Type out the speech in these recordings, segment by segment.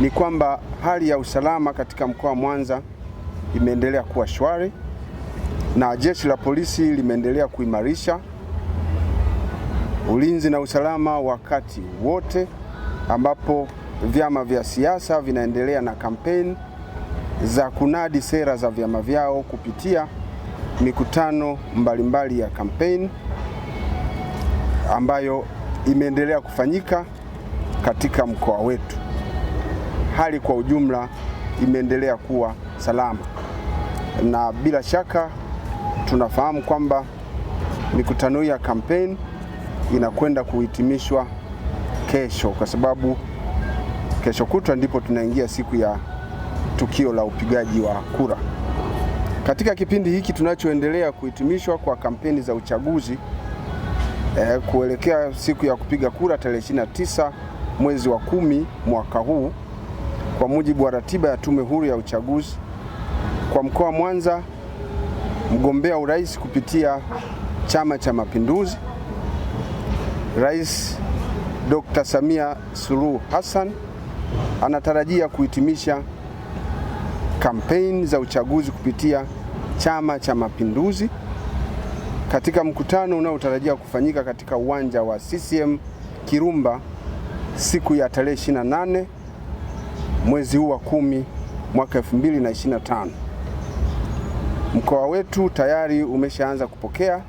ni kwamba hali ya usalama katika mkoa wa Mwanza imeendelea kuwa shwari na jeshi la polisi limeendelea kuimarisha ulinzi na usalama wakati wote, ambapo vyama vya siasa vinaendelea na kampeni za kunadi sera za vyama vyao kupitia mikutano mbalimbali mbali ya kampeni ambayo imeendelea kufanyika katika mkoa wetu hali kwa ujumla imeendelea kuwa salama, na bila shaka tunafahamu kwamba mikutano hii ya kampeni inakwenda kuhitimishwa kesho, kwa sababu kesho kutwa ndipo tunaingia siku ya tukio la upigaji wa kura. Katika kipindi hiki tunachoendelea kuhitimishwa kwa kampeni za uchaguzi eh, kuelekea siku ya kupiga kura tarehe 29 mwezi wa kumi mwaka huu kwa mujibu wa ratiba ya Tume Huru ya Uchaguzi. Kwa mkoa wa Mwanza, mgombea urais kupitia Chama cha Mapinduzi, Rais Dr. Samia Suluhu Hassan anatarajia kuhitimisha kampeni za uchaguzi kupitia Chama cha Mapinduzi katika mkutano unaotarajiwa kufanyika katika uwanja wa CCM Kirumba siku ya tarehe 28 mwezi huu wa kumi mwaka tano. Mkoa wetu tayari umeshaanza kupokea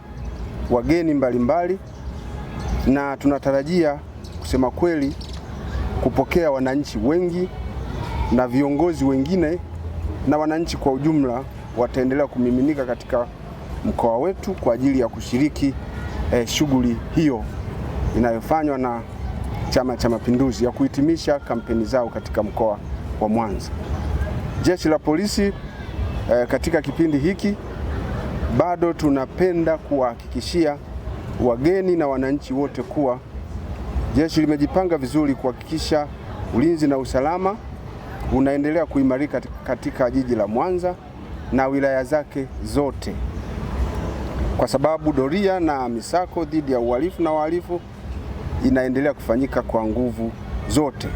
wageni mbalimbali mbali, na tunatarajia kusema kweli kupokea wananchi wengi na viongozi wengine na wananchi kwa ujumla wataendelea kumiminika katika mkoa wetu kwa ajili ya kushiriki eh, shughuli hiyo inayofanywa na Chama cha Mapinduzi ya kuhitimisha kampeni zao katika mkoa wa Mwanza. Jeshi la polisi eh, katika kipindi hiki bado tunapenda kuwahakikishia wageni na wananchi wote kuwa jeshi limejipanga vizuri kuhakikisha ulinzi na usalama unaendelea kuimarika katika jiji la Mwanza na wilaya zake zote, kwa sababu doria na misako dhidi ya uhalifu na wahalifu inaendelea kufanyika kwa nguvu zote,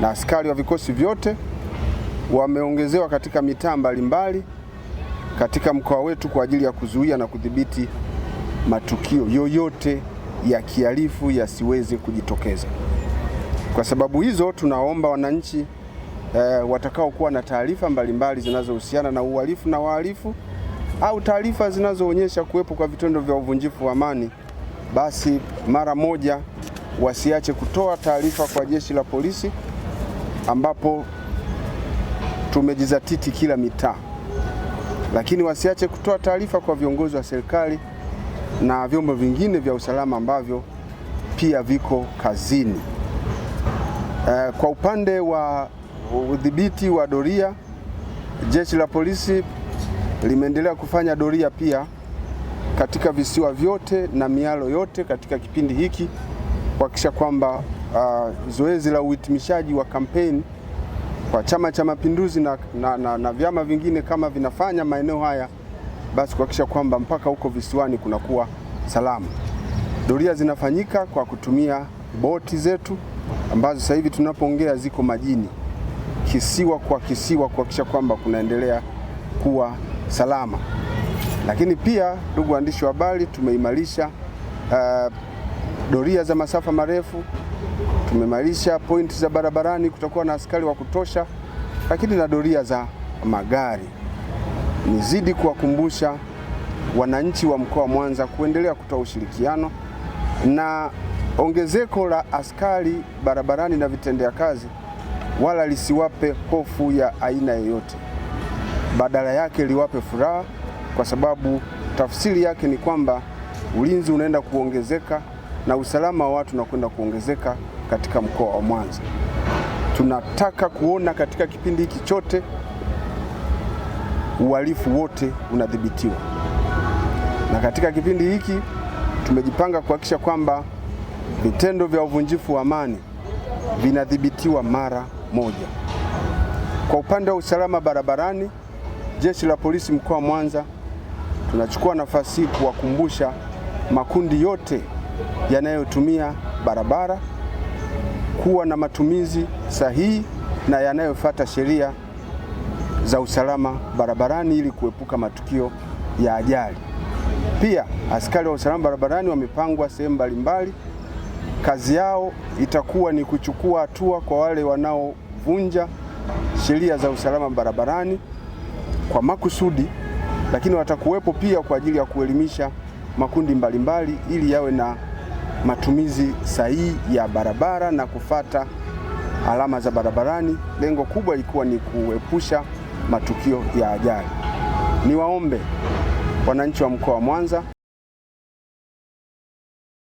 na askari wa vikosi vyote wameongezewa katika mitaa mbalimbali katika mkoa wetu kwa ajili ya kuzuia na kudhibiti matukio yoyote ya kihalifu yasiweze kujitokeza. Kwa sababu hizo, tunaomba wananchi eh, watakaokuwa na taarifa mbalimbali zinazohusiana na uhalifu na wahalifu au taarifa zinazoonyesha kuwepo kwa vitendo vya uvunjifu wa amani, basi mara moja wasiache kutoa taarifa kwa jeshi la polisi, ambapo tumejizatiti kila mitaa, lakini wasiache kutoa taarifa kwa viongozi wa serikali na vyombo vingine vya usalama ambavyo pia viko kazini. E, kwa upande wa udhibiti wa doria, jeshi la polisi limeendelea kufanya doria pia katika visiwa vyote na mialo yote katika kipindi hiki kuhakikisha kwamba uh, zoezi la uhitimishaji wa kampeni kwa Chama cha Mapinduzi na, na, na, na vyama vingine kama vinafanya maeneo haya, basi kuhakikisha kwamba mpaka huko visiwani kunakuwa salama. Doria zinafanyika kwa kutumia boti zetu ambazo sasa hivi tunapoongea ziko majini, kisiwa kwa kisiwa, kuhakikisha kwamba kunaendelea kuwa salama. Lakini pia ndugu waandishi wa habari, tumeimarisha uh, doria za masafa marefu, tumemalisha pointi za barabarani, kutakuwa na askari wa kutosha, lakini na doria za magari. Nizidi kuwakumbusha wananchi wa mkoa wa Mwanza kuendelea kutoa ushirikiano na ongezeko la askari barabarani na vitendea kazi wala lisiwape hofu ya aina yoyote, badala yake liwape furaha, kwa sababu tafsiri yake ni kwamba ulinzi unaenda kuongezeka na usalama wa watu unakwenda kuongezeka katika mkoa wa Mwanza. Tunataka kuona katika kipindi hiki chote uhalifu wote unadhibitiwa, na katika kipindi hiki tumejipanga kuhakikisha kwamba vitendo vya uvunjifu wa amani vinadhibitiwa mara moja. Kwa upande wa usalama barabarani, Jeshi la Polisi mkoa wa Mwanza tunachukua nafasi hii kuwakumbusha makundi yote yanayotumia barabara kuwa na matumizi sahihi na yanayofuata sheria za usalama barabarani ili kuepuka matukio ya ajali. Pia askari wa usalama barabarani wamepangwa sehemu mbalimbali. Kazi yao itakuwa ni kuchukua hatua kwa wale wanaovunja sheria za usalama barabarani kwa makusudi, lakini watakuwepo pia kwa ajili ya kuelimisha makundi mbalimbali ili yawe na matumizi sahihi ya barabara na kufata alama za barabarani. Lengo kubwa ilikuwa ni kuepusha matukio ya ajali. Niwaombe wananchi wa mkoa wa Mwanza